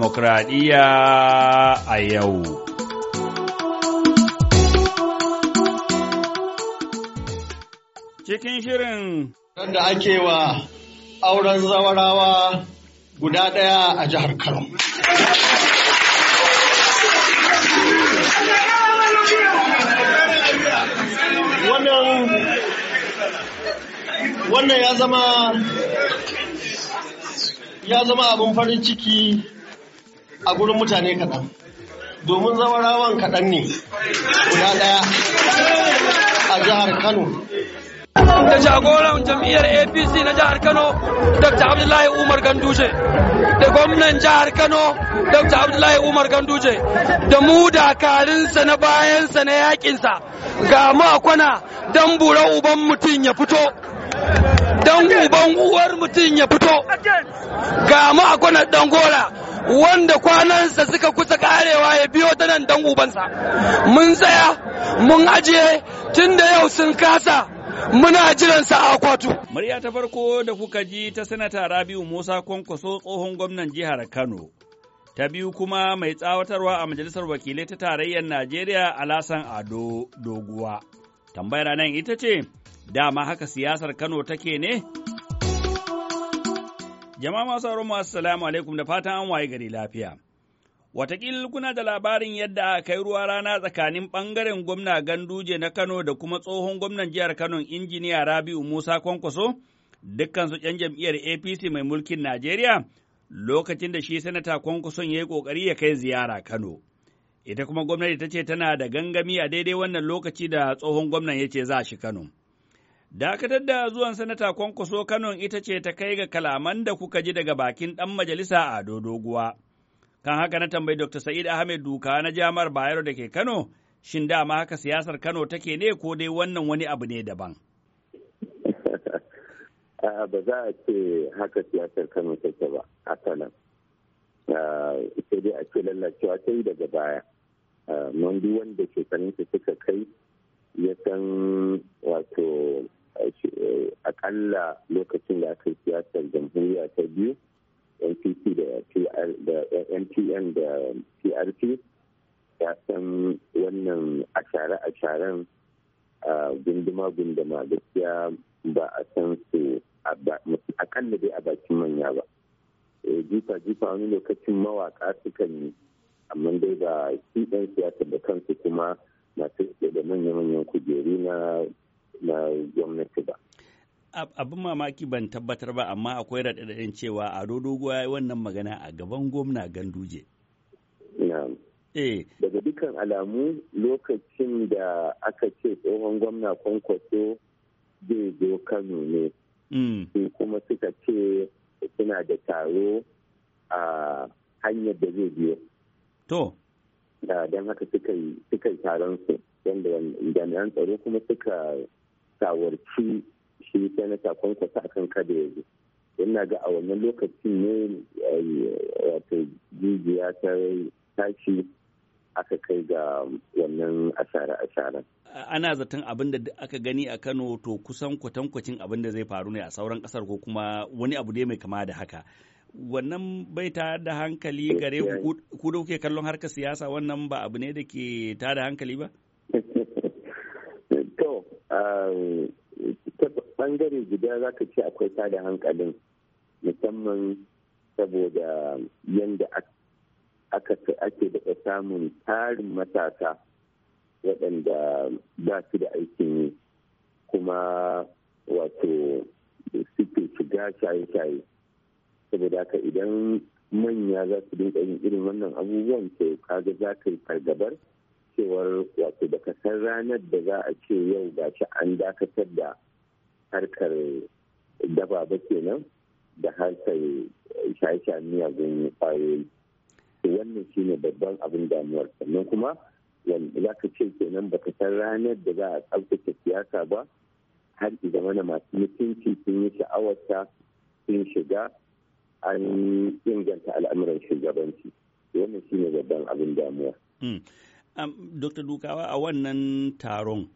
demokradiyya a yau. Cikin shirin da ake wa auren zawarawa guda ɗaya a jihar Kano. Wannan ya zama ya zama abin farin ciki a gurin mutane kaɗan domin zawarawan kaɗan ne guda ɗaya a jihar kano da jagoran jam'iyyar apc na jihar kano dr abdullahi umar ganduje da gwamnan jihar kano dr abdullahi umar ganduje da mu dakarinsa na bayansa na yakinsa ga makwana don bura uban mutum ya fito don uban uwar mutum ya fito ga makwana dangora wanda kwanansa suka kusa karewa ya biyo ta nan dan ubansa mun tsaya mun ajiye tun da yau sun kasa muna jiran sa a kwatu. Murya ta farko da kuka ji ta sanata Rabiu Musa Kwankwaso tsohon gwamnan jihar Kano. Ta biyu kuma mai tsawatarwa a majalisar wakilai ta tarayyar Najeriya Alasan Ado Doguwa. Tambayar nan ita ce, dama haka siyasar Kano take ne? Jama'a masu sauraron mu assalamu alaikum da fatan an waye gari lafiya. Wataƙila kuna da labarin yadda aka kai ruwa rana tsakanin ɓangaren gwamna Ganduje na Kano da kuma tsohon gwamnan jihar Kano injiniya Rabi'u Musa Kwankwaso, dukkansu ‘yan jam'iyyar APC mai mulkin Najeriya, lokacin da shi sanata Kwankwason ya yi ƙoƙari ya kai ziyara Kano. Ita kuma gwamnati ta ce tana da gangami a daidai wannan lokaci da tsohon gwamnan ya ce za shi Kano. Dakatar da zuwan Sanata Kwankwaso Kanon ita ce ta kai ga kalaman da kuka ji daga bakin ɗan majalisa a Dodoguwa. Kan haka na tambayi Dr. Sa'id Ahmed Duka na Jami'ar Bayero da ke Kano, shin dama haka siyasar Kano take ne ko dai wannan wani abu ne daban? Ah, ba za a ce haka siyasar Kano take ba a kanan. Sai ah, dai a ce lallacewa ta yi daga baya. Ah, mun wanda shekarunsa suka kai ya san wato akalla eh, lokacin da aka yi siyasar jamhuriya ta biyu npp da mpn da prp ya san wannan ashare-asharen gunduma-gunduma gaskiya ba a san su akalla dai a bakin manya ba eh, jifa-jifa wani lokacin mawaka sukan yi amma dai ba su ɗan siyasar da kansu kuma abin mamaki ban tabbatar ba amma akwai raɗaɗin cewa a dodogo ya yi wannan magana a gaban gwamna ganduje. Eh. Daga dukkan alamu lokacin da aka ce tsohon gwamna kwankwaso zai zo Kano ne. Mm. Sai kuma suka ce suna da taro a hanyar da zai biyo. To. Don haka suka yi taron su wanda jami'an tsaro kuma suka shawarci shi sanata sa akan kada ya zo yana ga a wannan lokacin ne eh, wato jijiya ta tashi aka kai ga wannan asara-asara. Ana zaton abin da aka gani a Kano to kusan kwatankwacin abin da zai faru ne a sauran kasar ko kuma wani abu dai mai kama da haka. Wannan bai ta da hankali gare ku da kuke kallon harkar siyasa wannan ba abu ne da ke ta da hankali ba? To, um, bangare guda za ka ce akwai tada hankalin musamman saboda yadda ake daɗa samun tarin matasa waɗanda ba su da aikin yi kuma wato suke shiga shaye-shaye saboda haka idan manya za su dinga yin irin wannan abubuwan ke kaga za ka yi fargabar cewar wato da kasar ranar da za a ce yau gashi an dakatar da harkar daba ba kenan da harkar shaisha miyagun kwayoyi wannan shine babban abin damuwar sannan kuma za ka ce kenan baka san ranar da za a tsabtace siyasa ba har ki zama masu mutunci sun yi sha'awarta sun shiga an inganta al'amuran shugabanci wannan shine babban abin damuwa. Hmm. Dr. Dukawa a wannan taron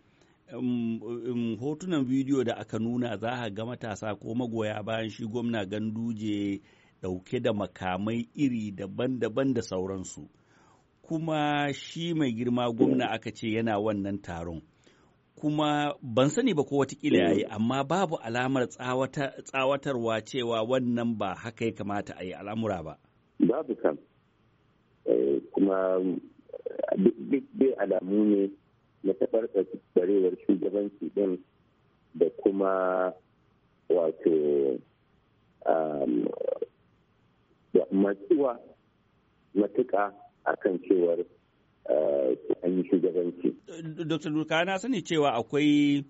hotunan bidiyo da aka nuna za a ga matasa ko magoya bayan shi gwamna ganduje dauke da makamai iri daban-daban da sauransu kuma shi mai girma gwamna aka ce yana wannan taron kuma ban sani ba ko watakila ya yi amma babu alamar tsawatarwa cewa wannan ba haka ya kamata a yi al'amura ba babu kan eh, kuma duk alamu ne na barewar shugabanci din da kuma wato um, matsuwa a kan cewar uh, an yi shugabanci. Dr. Durka na sani cewa akwai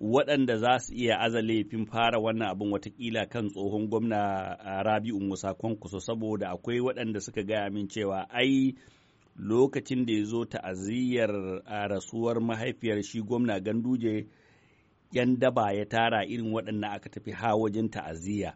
waɗanda za su iya aza laifin fara wannan abin watakila kan tsohon gwamna uh, Rabi'u Musa Kwankwaso saboda akwai waɗanda suka gaya min cewa ai lokacin da ya zo ta'aziyyar a rasuwar mahaifiyar shi gwamna ganduje yan daba ya tara irin waɗannan aka tafi ha wajen ta'aziyya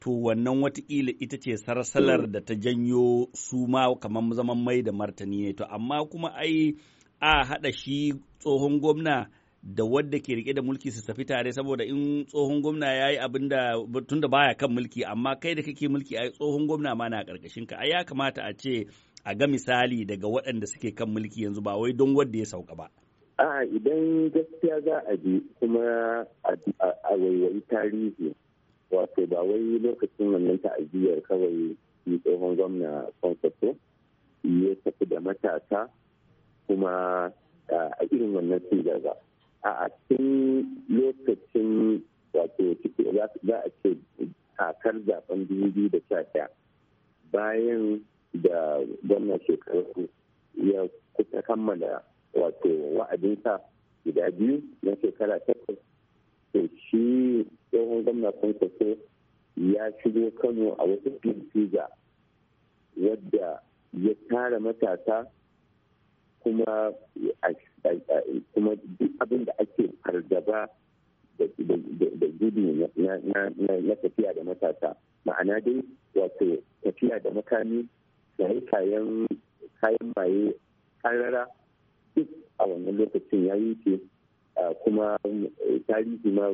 to wannan watakila ita ce sarsalar da ta janyo su ma kamar zaman mai da martani ne to amma kuma ai a haɗa shi tsohon gwamna da wadda ke rike da mulki su tafi tare saboda in tsohon gwamna ya yi abin da tun da baya kan mulki amma kai da kake mulki a tsohon gwamna ma na karkashin ka ai ya kamata a ce a ga misali daga waɗanda suke kan mulki yanzu ba wai don wanda ya sauka ba. A idan gaskiya za a bi kuma a waiwayi tarihi wato ba wai lokacin wannan ta'aziyar kawai yi tsohon gwamna Fonsato ya tafi da matasa kuma a irin wannan sigar ba. A cikin lokacin wato za a ce kakar zaben 2011 bayan da gwamnan shekaru ya kusa kammala wato wa'adinsa guda biyu na shekara takwas to shi tsohon gwamna kwankwaso ya shigo kano a wasu fiza wadda ya tara matasa kuma kuma abin da ake fargaba da gudu na tafiya da matasa ma'ana dai wato tafiya da makami yayi kayan kayan maye karara duk a wannan lokacin ya yi ce kuma eh, tarihi ma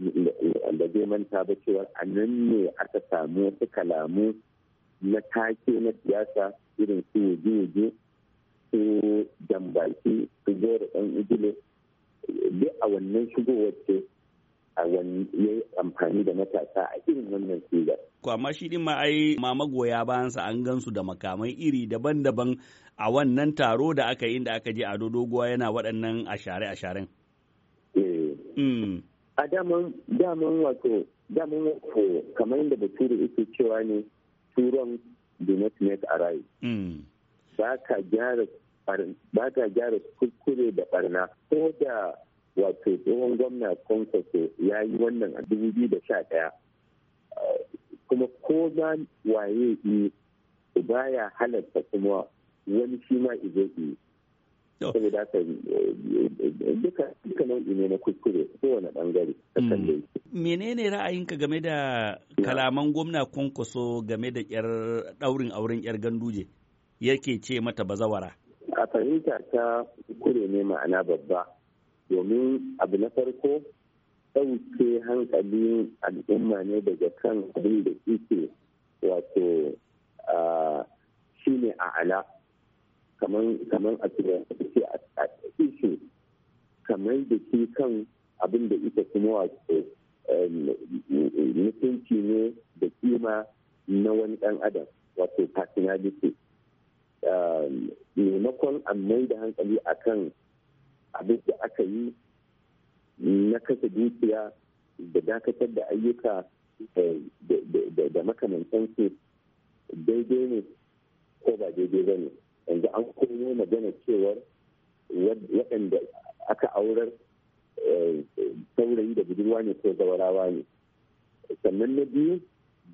da eh, zai manta ba cewa a nan ne aka samu wasu kalamu na take na siyasa irin su waje-waje su jambaki su gora ɗan ijile eh, duk a wannan shigowar ce A ya yi amfani da matasa a irin wannan sigar. Ko amma shi din ma ai ma magoya sa an gansu da makamai iri daban-daban a wannan taro da aka yi da aka je a dodogowa yana waɗannan ashare-asharen. Eh. Mm. A daman daman wato daman wato kamar yadda bature yake cewa ne turon do not make a right. Mm. Ba ka gyara kukure da barna ko da wato tsohon gwamna konkoso ya yi wannan a dubu ɗaya kuma ko ma waye yi ya halatta kuma wani shi ma izo yi saboda haka eh, duka duka nau'i ne na kuskure kowane bangare hmm. menene ra'ayinka game da kalaman gwamna konkoso game da yar daurin auren yar ganduje yake ce mata bazawara a fahimta ta kure ne ma'ana babba domin abu na farko ɗauke hankali al'umma ne daga kan abin da ike wato shi ne a ala kamar a turanci a ishe kamar da ke kan abin da ita kuma wato mutunci ne da kima na wani ɗan adam wato personality maimakon mai da hankali akan abin da aka yi na kasa dukiya da dakatar da ayyuka eh, da makamantansu daidai ne ko ba daidai ba ne yanzu an koyo magana cewar waɗanda aka aurar eh, saurayi da budurwa ne ko zawarawa ne sannan na biyu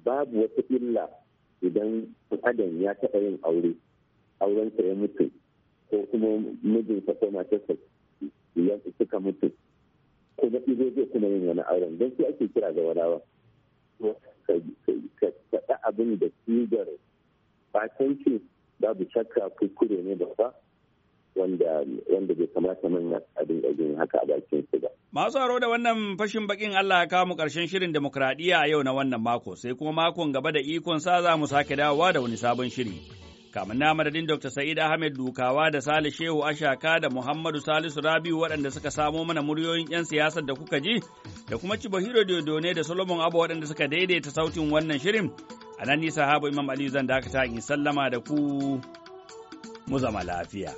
babu wata illa idan adam ya taɓa yin aure aurensa ya mutu ko kuma mijinsa ko matarsa suka mutu ko na ɗigo zai kuma yin wani auren don su ake kira ga wadawa ka faɗa abin da sigar batanci babu shakka kuskure ne da wanda wanda bai kamata manya abin dinga haka a bakin su ba. Masu haro da wannan fashin bakin Allah ya kawo mu karshen shirin demokradiyya a yau na wannan mako sai kuma makon gaba da ikon sa za mu sake dawowa da wani sabon shiri. Kamin na madadin Dr. Sa'id Ahmed Dukawa da Sale Shehu Ashaka da Muhammadu Salisu Rabiu waɗanda suka samo mana muryoyin 'yan siyasar da kuka ji da kuma Cibahiro ne da Solomon Abu waɗanda suka daidaita sautin wannan shirin. A nan nisa habu Imam Ali zan dakata in sallama da ku mu zama lafiya.